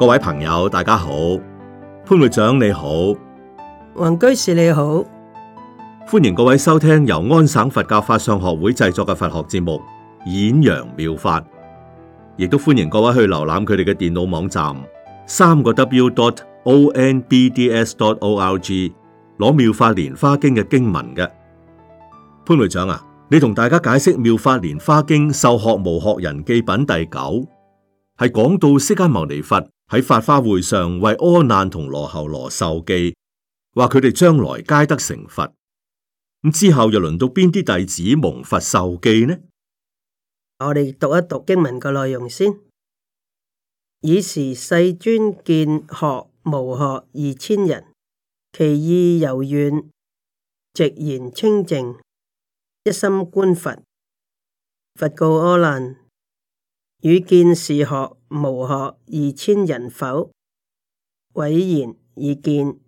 各位朋友，大家好，潘會長你好，王居士你好，歡迎各位收聽由安省佛教法相學會製作嘅佛學節目《演揚妙法》，亦都歡迎各位去瀏覽佢哋嘅電腦網站三個 W dot O N B D S dot O L G 攞妙法蓮花經嘅經文嘅潘會長啊，你同大家解釋妙法蓮花經授學無學人記品第九係講到釋迦牟尼佛。喺法花會上為阿難同羅侯羅受記，話佢哋將來皆得成佛。咁之後又輪到邊啲弟子蒙佛受記呢？我哋讀一讀經文嘅內容先。爾時世尊見學無學二千人，其意柔軟，直言清淨，一心觀佛。佛告阿難：與見是學。無學二千人否？唯然已見。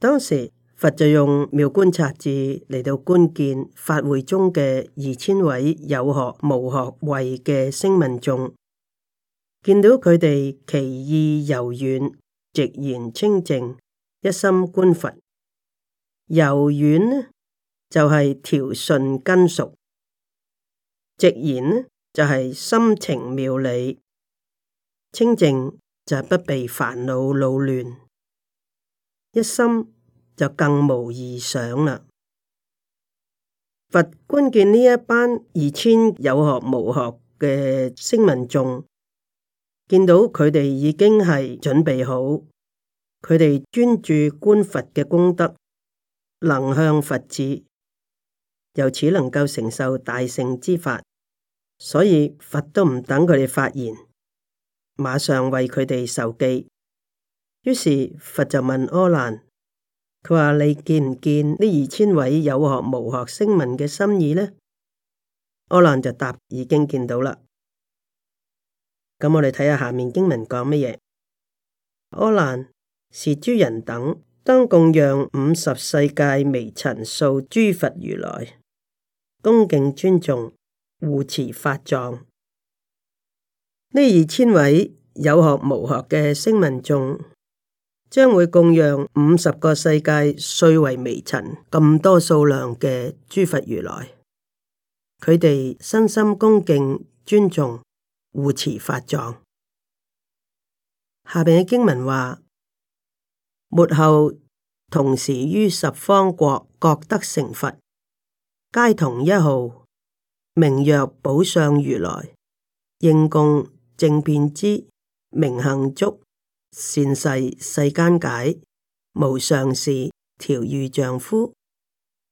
當時佛就用妙觀察智嚟到觀見法會中嘅二千位有學、無學、位嘅聲聞眾，見到佢哋其意柔軟，直言清淨，一心觀佛。柔軟呢，就係調順根屬；直言呢，就係心情妙理清靜，就係、是、不被煩惱擾亂，一心就更無異想啦。佛觀見呢一班二千有學無學嘅聲聞眾，見到佢哋已經係準備好，佢哋專注觀佛嘅功德，能向佛智，由此能夠承受大乘之法。所以佛都唔等佢哋發言，馬上為佢哋授記。於是佛就問阿難：佢話你見唔見呢二千位有學無學聲聞嘅心意呢？阿難就答：已經見到啦。咁、嗯、我哋睇下下面經文講乜嘢。阿難是諸人等當供養五十世界微塵數諸佛如來，恭敬尊重。護持法藏，呢二千位有學無學嘅聲聞眾，將會供養五十個世界碎為微塵咁多數量嘅諸佛如來。佢哋身心恭敬尊重護持法藏。下邊嘅經文話：末後同時於十方國，各得成佛，皆同一號。名曰寶相如來，應供正遍知，明行足，善逝，世間解，無上士，調御丈夫，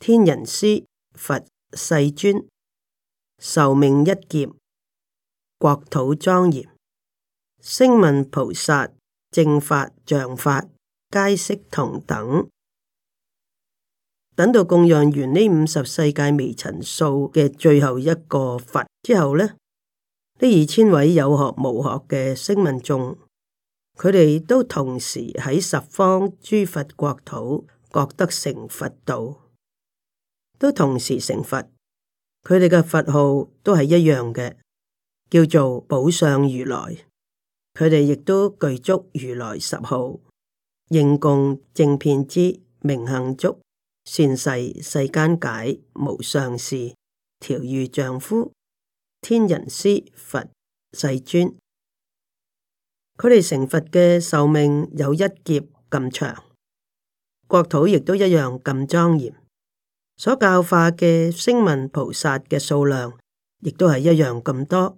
天人師，佛世尊，壽命一劫，國土莊嚴，聲聞菩薩正法像法皆悉同等。等到供養完呢五十世界微塵數嘅最後一個佛之後呢，呢二千位有學無學嘅聲聞眾，佢哋都同時喺十方諸佛國土獲得成佛道，都同時成佛。佢哋嘅佛號都係一樣嘅，叫做寶相如來。佢哋亦都具足如來十號，應供正遍知，明行足。善世世間解無上士，調御丈夫，天人師佛世尊，佢哋成佛嘅壽命有一劫咁長，國土亦都一樣咁莊嚴，所教化嘅聲聞菩薩嘅數量亦都係一樣咁多，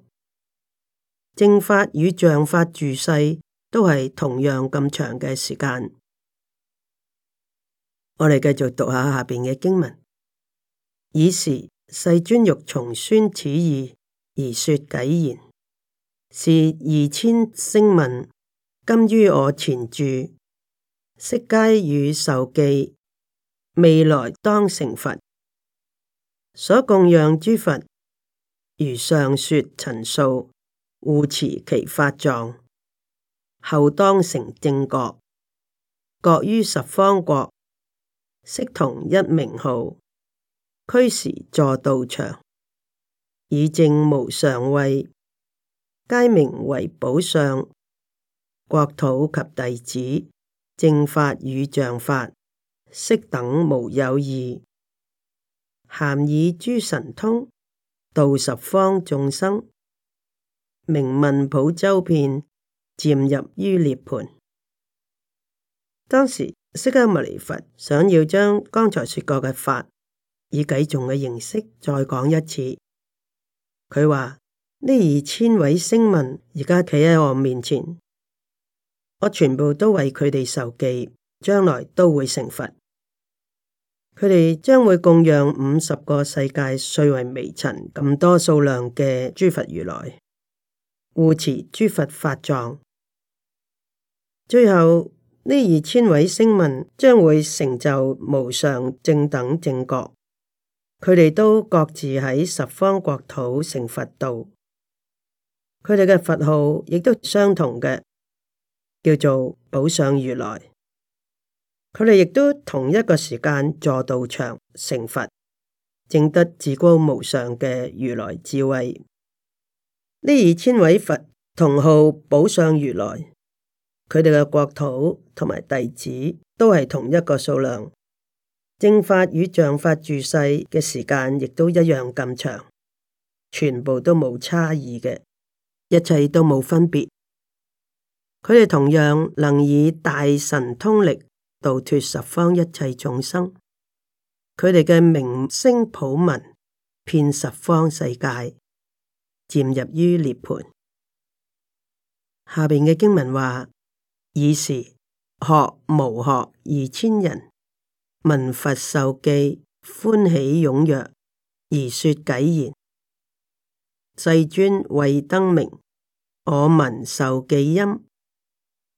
正法與像法住世都係同樣咁長嘅時間。我哋繼續讀下下邊嘅經文。以時世尊欲重宣此意而說偈言：是二千聲聞今於我前住，悉皆與受記，未來當成佛。所供養諸佛如上說陳數，護持其法藏，後當成正覺，各於十方國。悉同一名號，俱時坐道場，以證無上慧，皆名為寶相，國土及弟子，正法與像法，悉等無有異。咸以諸神通，度十方眾生，名聞普周遍，漸入於涅槃。當時。釋迦牟尼佛想要將剛才說過嘅法以偈頌嘅形式再講一次。佢話，呢二千位聲聞而家企喺我面前，我全部都為佢哋授記，將來都會成佛。佢哋將會供養五十個世界碎為微塵咁多數量嘅諸佛如來，護持諸佛法藏，最後。呢二千位聲聞將會成就無上正等正覺，佢哋都各自喺十方國土成佛道，佢哋嘅佛號亦都相同嘅，叫做寶相如來。佢哋亦都同一個時間坐道場成佛，證得至高無上嘅如來智慧。呢二千位佛同號寶相如來。佢哋嘅國土同埋弟子都係同一個數量，正法與像法住世嘅時間亦都一樣咁長，全部都冇差異嘅，一切都冇分別。佢哋同樣能以大神通力度脫十方一切眾生，佢哋嘅名聲普聞遍十方世界，漸入於涅槃。下邊嘅經文話。以時學無學二千人聞佛受記，歡喜踊躍，而說偈言：世尊為燈明，我聞受記音，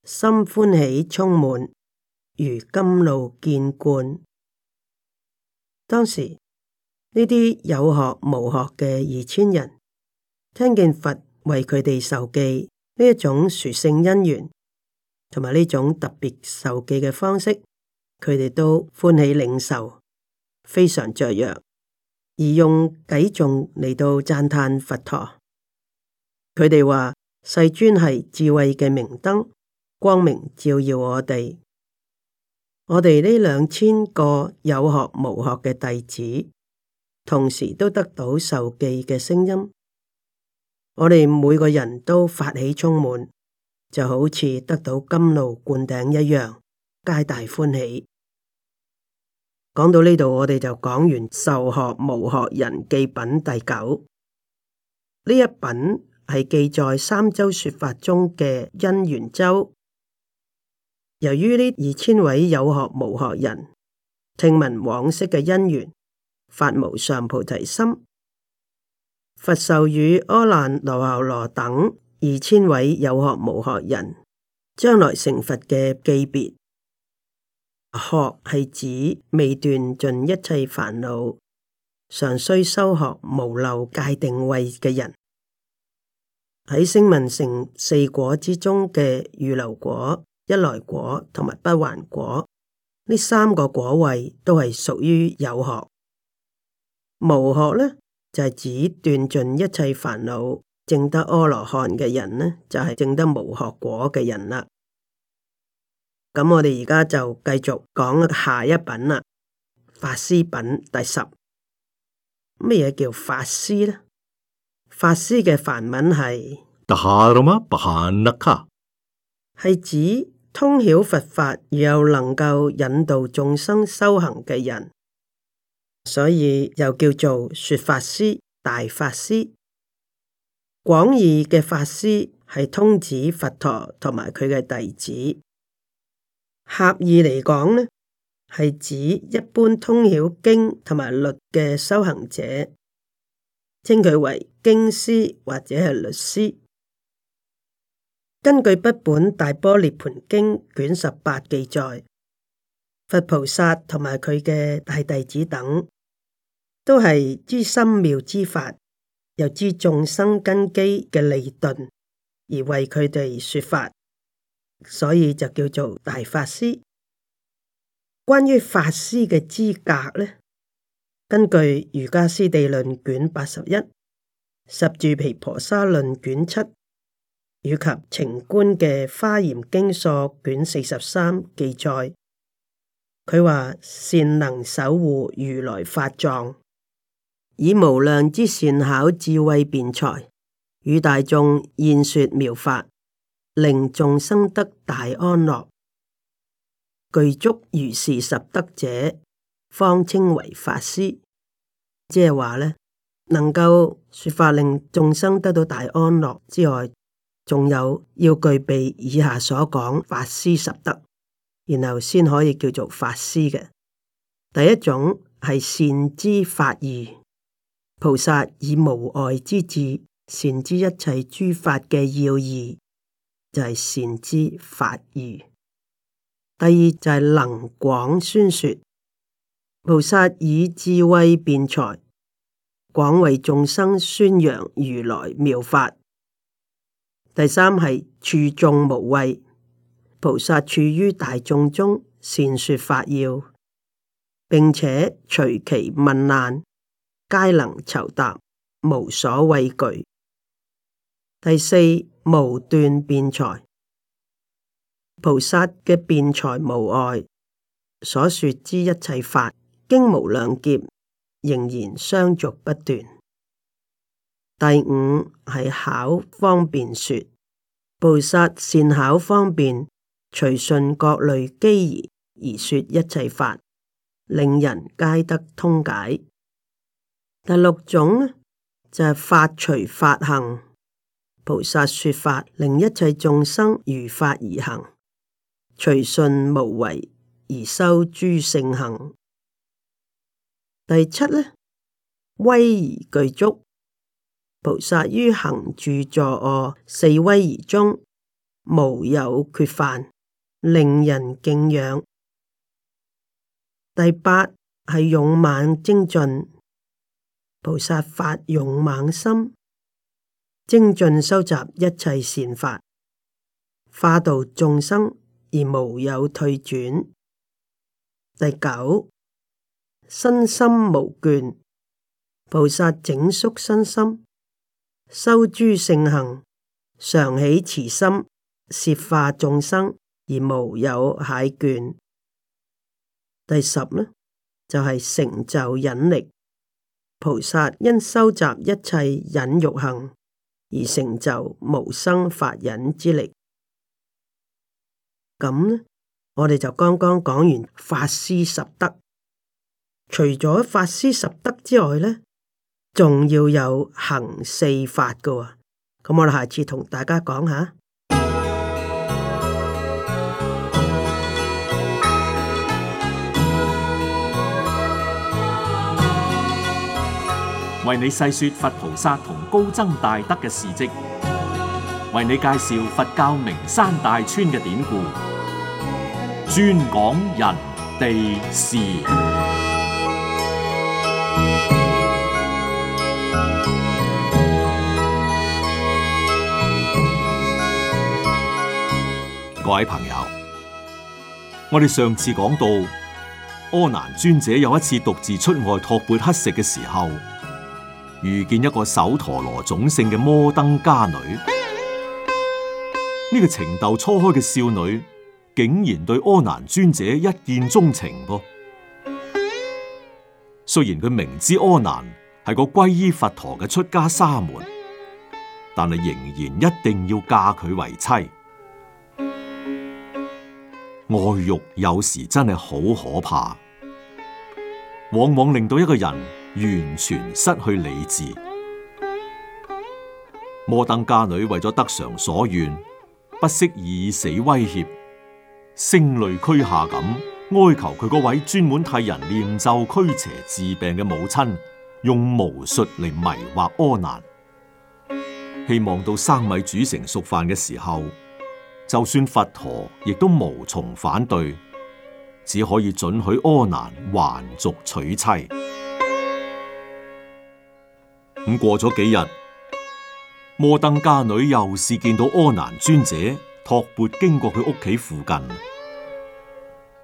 心歡喜充滿，如甘露見灌。當時呢啲有學無學嘅二千人，聽見佛為佢哋受記呢一種殊勝因緣，同埋呢種特別受記嘅方式，佢哋都歡喜領受，非常雀躍，而用偈頌嚟到讚嘆佛陀。佢哋話世尊係智慧嘅明燈，光明照耀我哋。我哋呢兩千個有學無學嘅弟子，同時都得到受記嘅聲音。我哋每個人都發起充滿。就好似得到甘露灌頂一樣，皆大歡喜。講到呢度，我哋就講完授學無學人記品第九。呢一品係記載三周說法中嘅因緣周。由於呢二千位有學無學人聽聞往昔嘅因緣，發無上菩提心，佛授與阿難羅侯羅等。二千位有學無學人，將來成佛嘅記別。學係指未斷盡一切煩惱，常需修學無漏界定位嘅人。喺聲聞乘四果之中嘅預流果、一來果同埋不還果呢三個果位都係屬於有學。無學呢就係、是、指斷盡一切煩惱。證得阿羅漢嘅人呢，就係證得無學果嘅人啦。咁我哋而家就繼續講下一品啦，《法師品》第十。乜嘢叫法師呢？法師嘅梵文係 dharmabhāṇaka，係指通曉佛法又能夠引導眾生修行嘅人，所以又叫做說法師、大法師。廣義嘅法師係通指佛陀同埋佢嘅弟子，狹義嚟講呢，係指一般通曉經同埋律嘅修行者，稱佢為經師或者係律師。根據北本大波涅盤經卷十八記載，佛菩薩同埋佢嘅大弟子等，都係知深妙之法。又知眾生根基嘅利鈍，而為佢哋說法，所以就叫做大法師。關於法師嘅資格呢，根據《瑜伽師地論》卷八十一，《十住毗婆沙論》卷七，以及《澄觀》嘅《花嚴經疏》卷四十三記載，佢話善能守護如來法藏。以無量之善巧智慧辯才，與大眾言說妙法，令眾生得大安樂。具足如是十德者，方稱為法師。即係話，呢能夠說法令眾生得到大安樂之外，仲有要具備以下所講法師十德，然後先可以叫做法師嘅。第一種係善知法義。菩薩以無礙之智，善知一切諸法嘅要義，就係、是、善知法義。第二就係能廣宣說，菩薩以智慧辯才，廣為眾生宣揚如來妙法。第三係處眾無畏，菩薩處於大眾中，善說法要，並且隨其問難。皆能酬答，無所畏懼。第四，無斷辯才。菩薩嘅辯才無礙，所說之一切法，經無量劫，仍然相續不斷。第五係巧方便說，菩薩善巧方便，隨順各類機宜而說一切法，令人皆得通解。第六種呢，就係、是、法隨法行菩薩說法，令一切眾生如法而行，隨順無為而修諸聖行。第七呢，威儀具足，菩薩於行住坐臥四威儀中，無有缺犯，令人敬仰。第八係勇猛精進。菩薩發勇猛心，精進收集一切善法，化度眾生而無有退轉。第九，身心無倦，菩薩整肅身心，修諸聖行，常起慈心，攝化眾生而無有懈倦。第十呢，就係、是、成就引力。菩薩因收集一切忍辱行而成就無生法忍之力。咁咧，我哋就剛剛講完法師十德。除咗法師十德之外呢，仲要有行四法噶。咁我哋下次同大家講下。為你細說佛菩薩同高僧大德嘅事迹，為你介紹佛教名山大川嘅典故，專講人地事。各位朋友，我哋上次講到阿難尊者有一次獨自出外托缽乞食嘅時候。遇見一個首陀羅種姓嘅摩登伽女，呢、這個情竇初開嘅少女，竟然對阿難尊者一見鍾情噃。雖然佢明知阿難係個皈依佛陀嘅出家沙門，但係仍然一定要嫁佢為妻。愛慾有時真係好可怕，往往令到一個人。完全失去理智，摩登家女為咗得償所願，不惜以死威脅，聲淚俱下咁哀求佢嗰位專門替人念咒驅邪治病嘅母親，用巫術嚟迷惑阿難，希望到生米煮成熟飯嘅時候，就算佛陀亦都無從反對，只可以准許阿難還俗娶妻。咁過咗幾日，摩登伽女又是見到阿難尊者托缽經過佢屋企附近，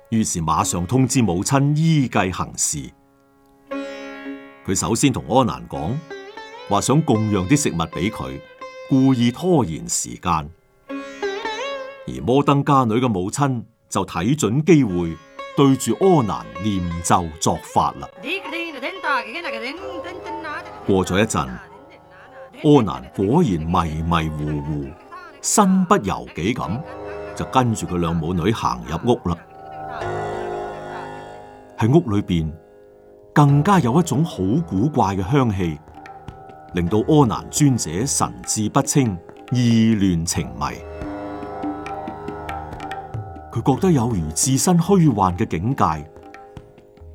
於是馬上通知母親依計行事。佢首先同阿難講話想供養啲食物俾佢，故意拖延時間。而摩登伽女嘅母親就睇準機會，對住阿難念咒作法啦。過咗一陣，阿難果然迷迷糊糊、身不由己咁，就跟住佢兩母女行入屋啦。喺屋裏邊，更加有一種好古怪嘅香氣，令到阿難尊者神志不清、意亂情迷。佢覺得有如置身虛幻嘅境界，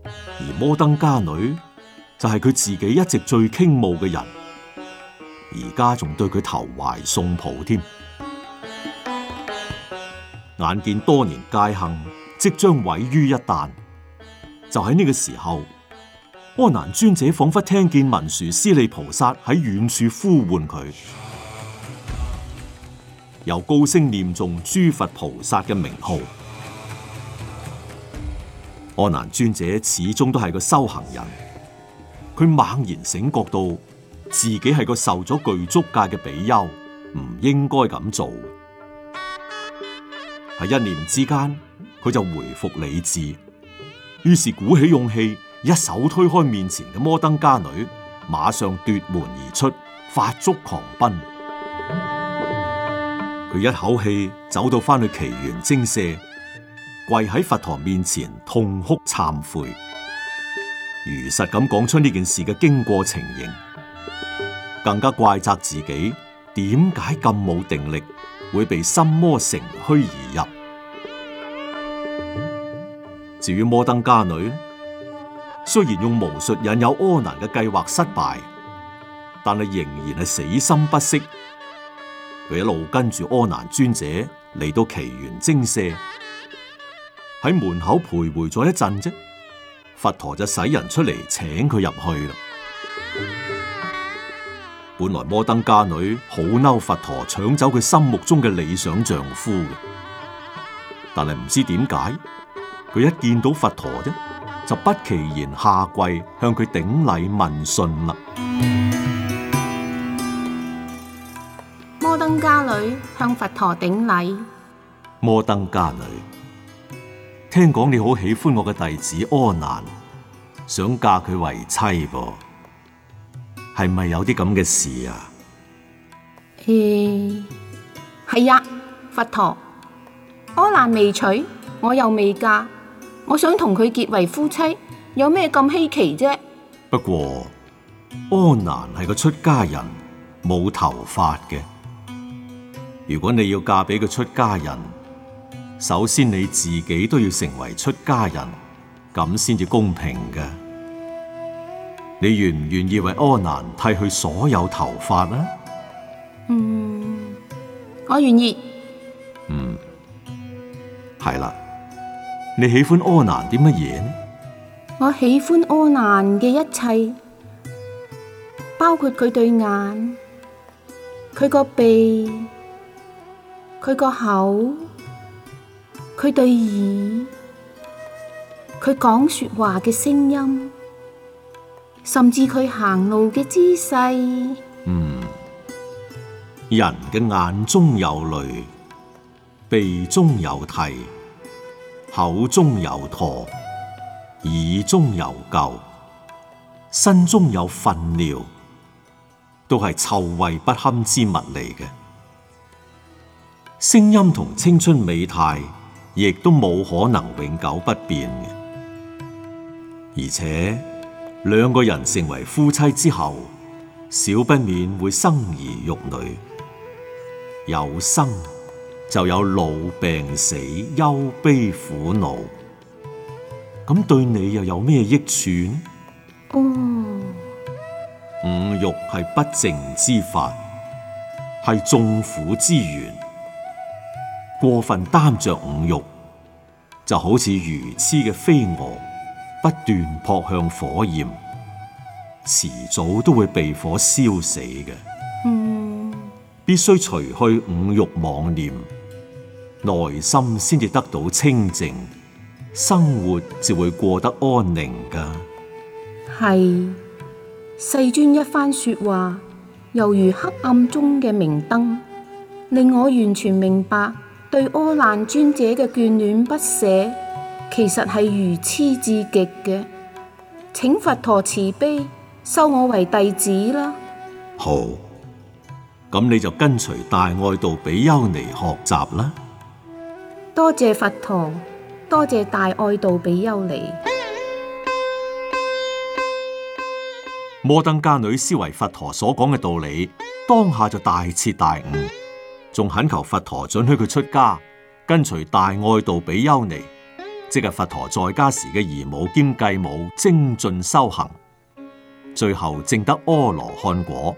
而摩登伽女，就係佢自己一直最傾慕嘅人，而家仲對佢投懷送抱添。眼見多年戒行即將毀於一旦，就喺呢個時候，阿難尊者仿佛聽見文殊師利菩薩喺遠處呼喚佢，由高聲念誦諸佛菩薩嘅名號。阿難尊者始終都係個修行人。佢猛然醒覺到自己係個受咗具足戒嘅比丘，唔應該咁做。喺一念之間，佢就回復理智，於是鼓起勇氣，一手推開面前嘅摩登伽女，馬上奪門而出，發足狂奔。佢一口氣走到翻去祇園精舍，跪喺佛堂面前痛哭懺悔。如實咁講出呢件事嘅經過情形，更加怪責自己點解咁冇定力，會被心魔乘虛而入。至於摩登伽女，雖然用巫術引誘阿難嘅計劃失敗，但係仍然係死心不息。佢一路跟住阿難尊者嚟到祇園精舍，喺門口徘徊咗一陣啫。佛陀就使人出嚟請佢入去啦。本來摩登家女好嬲佛陀搶走佢心目中嘅理想丈夫嘅，但係唔知點解，佢一見到佛陀啫，就不期然下跪向佢頂禮問訊啦。摩登家女向佛陀頂禮。摩登家女。聽講你好喜歡我嘅弟子阿難，想嫁佢為妻噃，係咪有啲咁嘅事啊？咦、嗯，係啊，佛陀，阿難未娶，我又未嫁，我想同佢結為夫妻，有咩咁稀奇啫？不過，阿難係個出家人，冇頭髮嘅。如果你要嫁俾個出家人，首先你自己都要成為出家人，咁先至公平嘅。你願唔願意為阿難剃去所有頭髮呢？嗯，我願意。嗯，係啦。你喜歡阿難啲乜嘢？我喜歡阿難嘅一切，包括佢對眼，佢個鼻，佢個口。佢對耳，佢講說話嘅聲音，甚至佢行路嘅姿勢。嗯，人嘅眼中有淚，鼻中有涕，口中有唾，耳中有垢，身中有糞尿，都係臭穢不堪之物嚟嘅。聲音同青春美態。亦都冇可能永久不變，而且兩個人成為夫妻之後，少不免會生兒育女，有生就有老病死，憂悲苦惱，咁對你又有咩益處？哦、嗯，五欲係不淨之法，係眾苦之源。過分擔着五欲，就好似愚癡嘅飛蛾，不斷撲向火焰，遲早都會被火燒死嘅。嗯、必須除去五欲妄念，內心先至得到清淨，生活就會過得安寧。㗎。係世尊一番說話，猶如黑暗中嘅明燈，令我完全明白。對阿難尊者嘅眷戀不捨，其實係愚癡至極嘅。請佛陀慈悲收我為弟子啦！好，咁你就跟隨大愛道比丘尼學習啦。多謝佛陀，多謝大愛道比丘尼。摩登伽女思維佛陀所講嘅道理，當下就大徹大悟。仲懇求佛陀准許佢出家，跟隨大愛道比丘尼，即係佛陀在家時嘅姨母兼繼母，精進修行，最後證得阿羅漢果。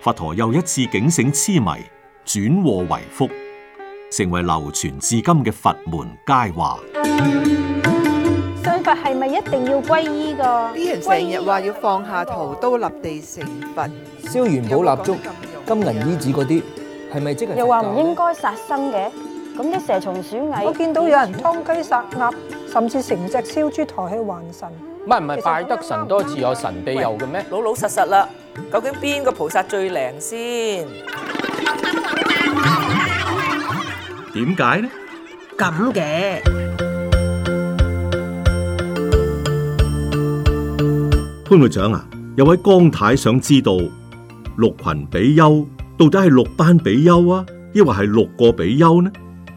佛陀又一次警醒癡迷，轉禍為福，成為流傳至今嘅佛門佳話。信佛係咪一定要皈依㗎？啲人成日話要放下屠刀立地成佛，燒元寶蠟燭。金銀衣紙嗰啲係咪即係？又話唔應該殺生嘅，咁啲蛇蟲鼠蟻，我見到有人劏雞殺鴨，甚至成隻燒豬抬去還神。唔係唔係，拜得神多次有神庇佑嘅咩？老老實實啦，究竟邊個菩薩最靈先？點解呢？咁嘅潘會長啊，有位江太想知道。六群比丘到底係六班比丘啊，抑或係六個比丘呢？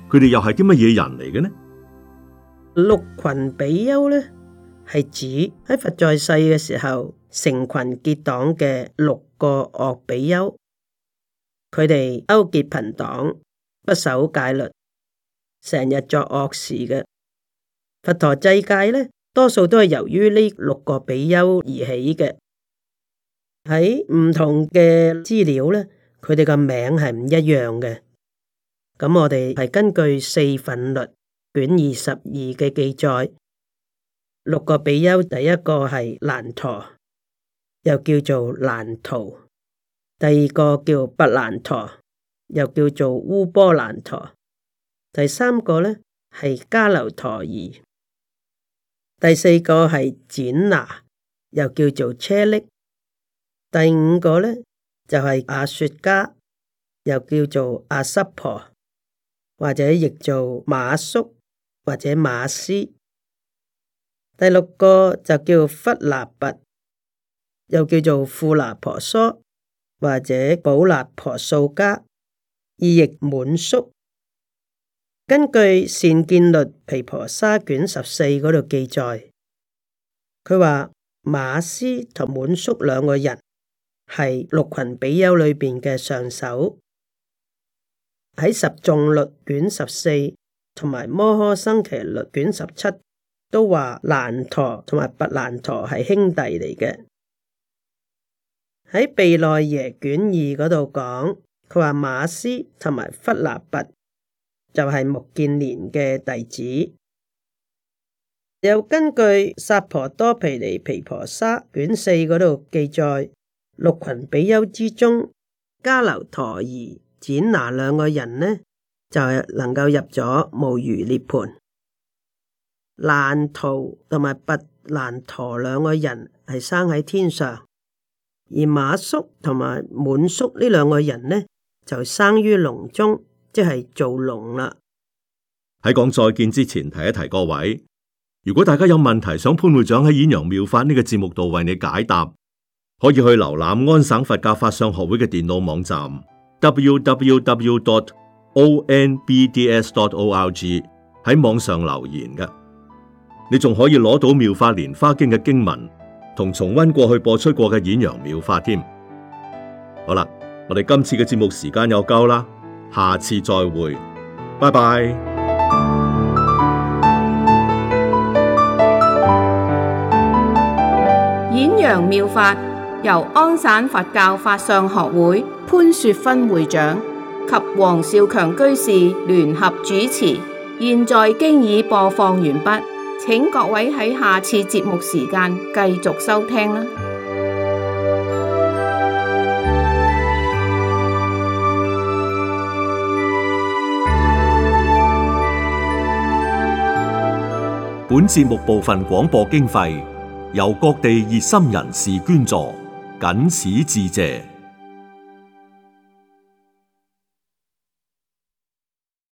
佢哋又係啲乜嘢人嚟嘅呢？六群比丘咧，係指喺佛在世嘅時候成群結黨嘅六個惡比丘，佢哋勾結朋黨，不守戒律，成日作惡事嘅。佛陀制戒咧，多數都係由於呢六個比丘而起嘅。喺唔同嘅資料咧，佢哋嘅名係唔一樣嘅。咁我哋係根據四分律卷二十二嘅記載，六個比丘，第一個係難陀，又叫做難陀；第二個叫跋難陀，又叫做烏波難陀；第三個咧係加留陀夷；第四個係展拿，又叫做車匿。第五個咧就係、是、阿雪家，又叫做阿濕婆，或者亦做馬叔或者馬師。第六個就叫弗那拔，又叫做富那婆娑，或者寶那婆素家，意譯滿叔。根據善見律毗婆沙卷十四嗰度記載，佢話馬師同滿叔兩個人。係六群比丘裏邊嘅上首，喺十誦律卷十四同埋摩訶僧祇律卷十七都話難陀同埋拔難陀係兄弟嚟嘅。喺毗奈耶卷二嗰度講，佢話馬斯同埋弗納拔就係目犍連嘅弟子。又根據薩婆多毘尼毘婆沙卷四嗰度記載。六群比丘之中，迦留陀夷、展拿兩個人呢，就能夠入咗無餘涅盤。難陀同埋拔難陀兩個人係生喺天上，而馬叔同埋滿叔呢兩個人呢，就生於龍中，即係做龍啦。喺講再見之前，提一提各位，如果大家有問題，想潘會長喺《演揚妙法》呢個節目度為你解答。可以去瀏覽安省佛教法相學會嘅電腦網站 www.ombds.org 喺網上留言嘅，你仲可以攞到妙法蓮花經嘅經文同重温過去播出過嘅演揚妙法添。好啦，我哋今次嘅節目時間又夠啦，下次再會，拜拜。演揚妙法。由安省佛教法相學會潘雪芬會長及黃少強居士聯合主持，現在經已播放完畢，請各位喺下次節目時間繼續收聽啦。本節目部分廣播經費由各地熱心人士捐助。僅此致謝。